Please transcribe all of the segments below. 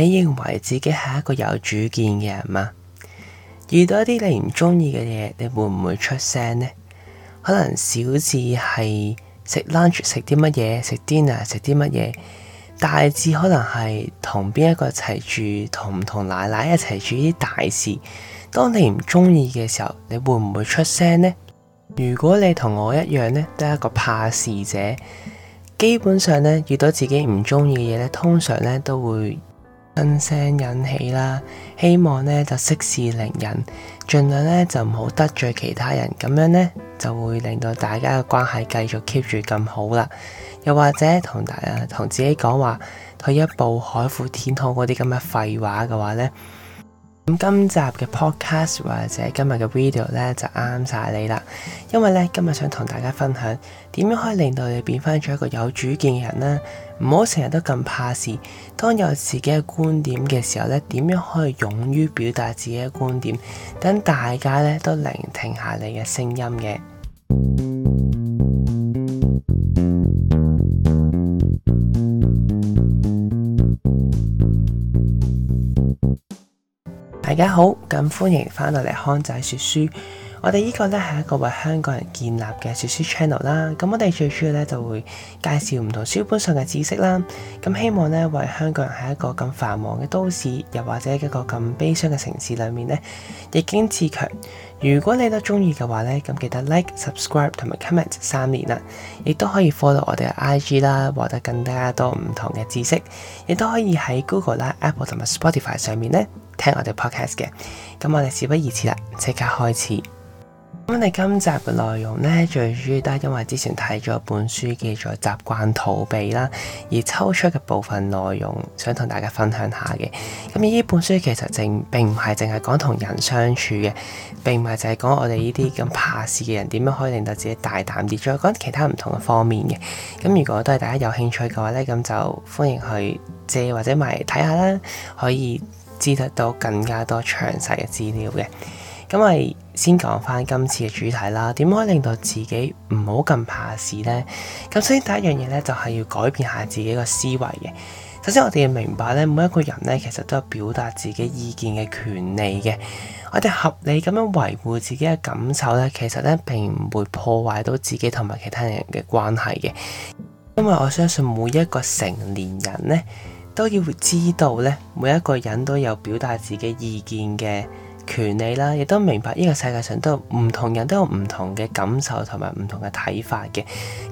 你認為自己係一個有主見嘅人嘛？遇到一啲你唔中意嘅嘢，你會唔會出聲呢？可能小至係食 lunch 食啲乜嘢，食 dinner 食啲乜嘢，大至可能係同邊一個一齊住，同唔同奶奶一齊住啲大事。當你唔中意嘅時候，你會唔會出聲呢？如果你同我一樣呢，都係一個怕事者，基本上呢遇到自己唔中意嘅嘢呢，通常呢都會。分聲引起啦，希望咧就息事寧人，盡量咧就唔好得罪其他人，咁樣咧就會令到大家嘅關係繼續 keep 住咁好啦。又或者同大家同自己講話退一步海闊天空嗰啲咁嘅廢話嘅話咧。咁今集嘅 podcast 或者今日嘅 video 咧就啱晒你啦，因為咧今日想同大家分享點樣可以令到你變翻一個有主見嘅人咧，唔好成日都咁怕事。當有自己嘅觀點嘅時候咧，點樣可以勇於表達自己嘅觀點，等大家咧都聆聽下你嘅聲音嘅。大家好，咁歡迎翻到嚟康仔說書。我哋呢個呢係一個為香港人建立嘅說書 channel 啦。咁我哋最主要呢就會介紹唔同書本上嘅知識啦。咁希望呢為香港人喺一個咁繁忙嘅都市，又或者一個咁悲傷嘅城市裏面呢，逆境自強。如果你都中意嘅話呢，咁記得 like、subscribe 同埋 comment 三連啦。亦都可以 follow 我哋嘅 I G 啦，獲得更加多唔同嘅知識。亦都可以喺 Google 啦、Apple 同埋 Spotify 上面呢。聽我哋 podcast 嘅，咁我哋事不宜遲啦，即刻開始。咁我哋今集嘅內容呢，最主要都係因為之前睇咗本書叫做《習慣逃避》啦，而抽出嘅部分內容想同大家分享下嘅。咁呢本書其實淨並唔係淨係講同人相處嘅，並唔係淨係講我哋呢啲咁怕事嘅人點樣可以令到自己大膽啲，再講其他唔同嘅方面嘅。咁如果都係大家有興趣嘅話呢，咁就歡迎去借或者買嚟睇下啦，可以。知道更加多詳細嘅資料嘅，咁我先講翻今次嘅主題啦。點可以令到自己唔好咁怕事呢？咁首先第一樣嘢咧，就係要改變下自己個思維嘅。首先我哋要明白咧，每一個人咧其實都有表達自己意見嘅權利嘅。我哋合理咁樣維護自己嘅感受咧，其實咧並唔會破壞到自己同埋其他人嘅關係嘅。因為我相信每一個成年人咧，都要知道咧，每一個人都有表達自己意見嘅權利啦，亦都明白呢個世界上都有唔同人都有唔同嘅感受同埋唔同嘅睇法嘅。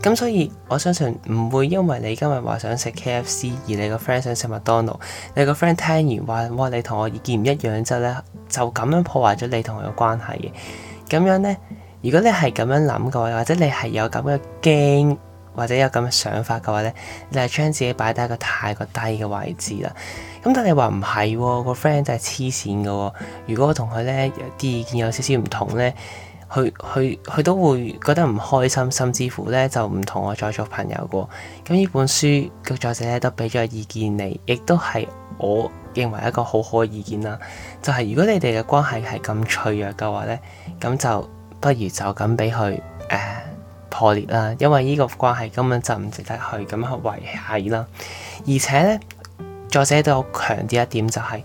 咁所以我相信唔會因為你今日話想食 KFC，而你個 friend 想食麥當勞，你個 friend 聽完話，哇，你同我意見唔一樣之後咧，就咁樣破壞咗你同我嘅關係嘅。咁樣咧，如果你係咁樣諗嘅話，或者你係有咁嘅驚。或者有咁嘅想法嘅話呢，你係將自己擺低個太過低嘅位置啦。咁但係你話唔係，個 friend 就係黐線嘅。如果我同佢呢啲意見有少少唔同呢，佢佢都會覺得唔開心，甚至乎呢就唔同我再做朋友嘅。咁呢本書嘅作者呢都俾咗意見你，亦都係我認為一個好好嘅意見啦。就係如果你哋嘅關係係咁脆弱嘅話呢，咁就不如就咁俾佢誒，呃破裂啦，因為呢個關係根本就唔值得去咁去維繫啦。而且咧，作者都有強調一點,一點、就係，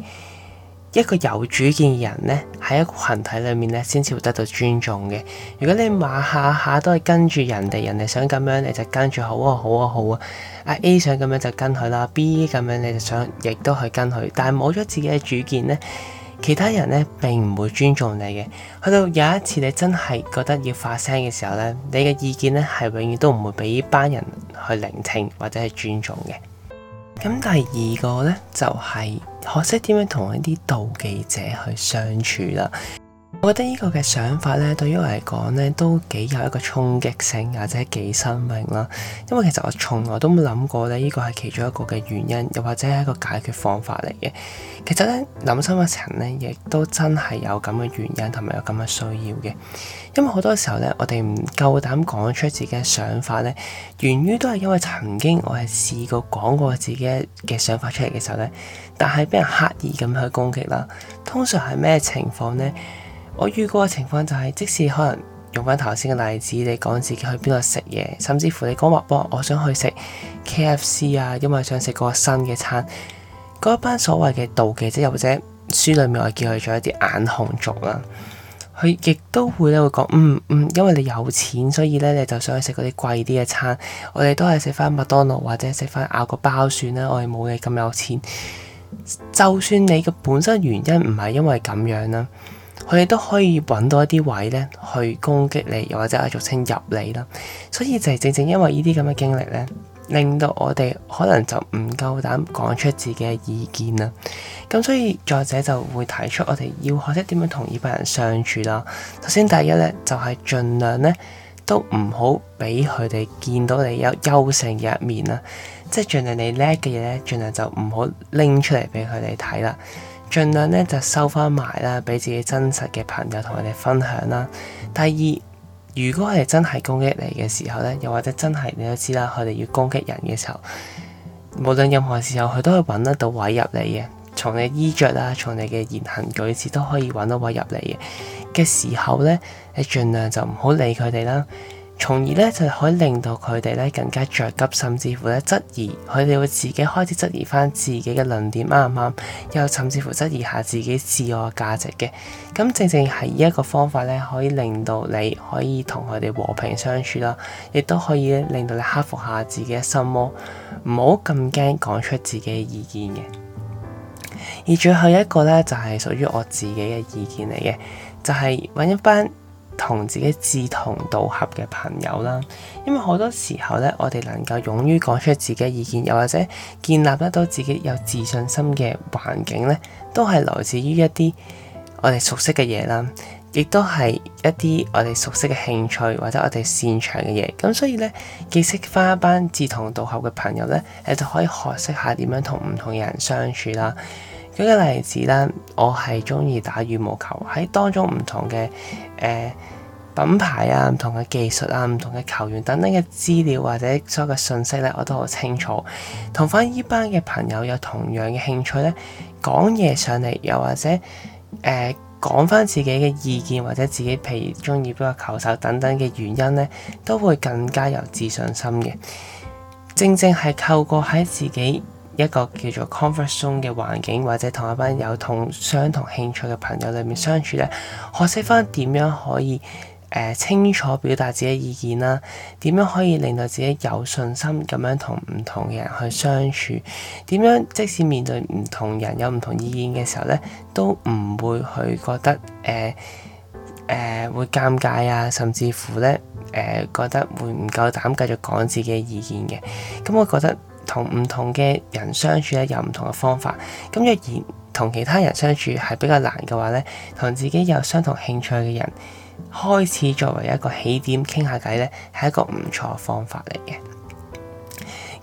就係一個有主見嘅人咧，喺一個群體裏面咧，先至會得到尊重嘅。如果你下下都係跟住人哋，人哋想咁樣你就跟住，好啊好啊好啊！啊 A 想咁樣就跟佢啦，B 咁樣你就想亦都去跟佢，但係冇咗自己嘅主見咧。其他人咧並唔會尊重你嘅，去到有一次你真係覺得要發聲嘅時候咧，你嘅意見咧係永遠都唔會俾呢班人去聆聽或者係尊重嘅。咁第二個咧就係、是，學識點樣同一啲妒忌者去相處啦。我覺得呢個嘅想法咧，對於我嚟講咧，都幾有一個衝擊性，或者幾生命啦。因為其實我從來都冇諗過咧，呢個係其中一個嘅原因，又或者係一個解決方法嚟嘅。其實咧，諗深一層咧，亦都真係有咁嘅原因，同埋有咁嘅需要嘅。因為好多時候咧，我哋唔夠膽講出自己嘅想法咧，源於都係因為曾經我係試過講過自己嘅想法出嚟嘅時候咧，但係俾人刻意咁去攻擊啦。通常係咩情況？咧？我遇過嘅情況就係，即使可能用翻頭先嘅例子，你講自己去邊度食嘢，甚至乎你講話，幫我想去食 K F C 啊，因為想食個新嘅餐。嗰班所謂嘅妒忌者，又或者書裡面我叫佢做一啲眼紅族啦，佢亦都會咧會講，嗯嗯，因為你有錢，所以咧你就想去食嗰啲貴啲嘅餐。我哋都係食翻麥當勞或者食翻咬個包算啦。我哋冇你咁有錢，就算你嘅本身原因唔係因為咁樣啦。佢哋都可以揾到一啲位咧，去攻擊你，又或者啊，俗稱入你啦。所以就係正正因為呢啲咁嘅經歷咧，令到我哋可能就唔夠膽講出自己嘅意見啦。咁所以作者就會提出我哋要學識點樣同呢班人相處啦。首先第一咧，就係、是、儘量咧都唔好俾佢哋見到你有優勝嘅一面啦。即係儘量你叻嘅嘢咧，儘量就唔好拎出嚟俾佢哋睇啦。儘量咧就收翻埋啦，俾自己真實嘅朋友同佢哋分享啦。第二，如果佢哋真係攻擊你嘅時候咧，又或者真係你都知啦，佢哋要攻擊人嘅時候，無論任何時候，佢都可以揾得到位入嚟嘅。從你衣着啦，從你嘅言行舉止都可以揾到位入嚟嘅。嘅時候咧，你儘量就唔好理佢哋啦。從而咧就可以令到佢哋咧更加着急，甚至乎咧質疑佢哋會自己開始質疑翻自己嘅論點啱唔啱，又甚至乎質疑下自己自我價值嘅。咁正正係呢一個方法咧，可以令到你可以同佢哋和平相處啦，亦都可以令到你克服下自己嘅心魔，唔好咁驚講出自己嘅意見嘅。而最後一個咧就係屬於我自己嘅意見嚟嘅，就係揾一班。同自己志同道合嘅朋友啦，因為好多時候咧，我哋能夠勇於講出自己意見，又或者建立得到自己有自信心嘅環境咧，都係來自於一啲我哋熟悉嘅嘢啦，亦都係一啲我哋熟悉嘅興趣或者我哋擅長嘅嘢。咁所以咧，結識翻一班志同道合嘅朋友咧，你就可以學識下點樣同唔同嘅人相處啦。舉個例子啦，我係中意打羽毛球，喺多種唔同嘅誒、呃、品牌啊、唔同嘅技術啊、唔同嘅球員等等嘅資料或者所有嘅信息咧，我都好清楚。同翻依班嘅朋友有同樣嘅興趣咧，講嘢上嚟又或者誒講翻自己嘅意見或者自己譬如中意邊個球手等等嘅原因咧，都會更加有自信心嘅。正正係透過喺自己一個叫做 comfort zone 嘅環境，或者同一班有同相同興趣嘅朋友裏面相處咧，學識翻點樣可以誒、呃、清楚表達自己嘅意見啦，點樣可以令到自己有信心咁樣同唔同嘅人去相處，點樣即使面對唔同人有唔同意見嘅時候咧，都唔會去覺得誒誒、呃呃、會尷尬啊，甚至乎咧誒、呃、覺得會唔夠膽繼續講自己嘅意見嘅，咁我覺得。同唔同嘅人相處咧，有唔同嘅方法。咁若然同其他人相處係比較難嘅話咧，同自己有相同興趣嘅人開始作為一個起點傾下偈咧，係一個唔錯嘅方法嚟嘅。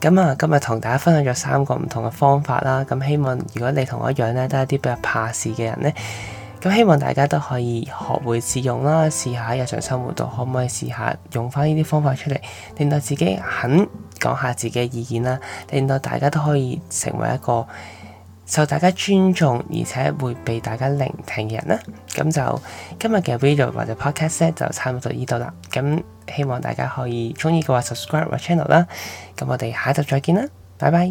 咁啊，今日同大家分享咗三個唔同嘅方法啦。咁希望如果你同我一樣咧，都係一啲比較怕事嘅人咧。咁希望大家都可以學會自用啦，試下喺日常生活度可唔可以試下用翻呢啲方法出嚟，令到自己肯講下自己嘅意見啦，令到大家都可以成為一個受大家尊重而且會被大家聆聽嘅人啦。咁就今日嘅 video 或者 podcast 就差唔多呢度啦。咁希望大家可以中意嘅話 subscribe 我 channel 啦。咁我哋下一集再見啦，拜拜。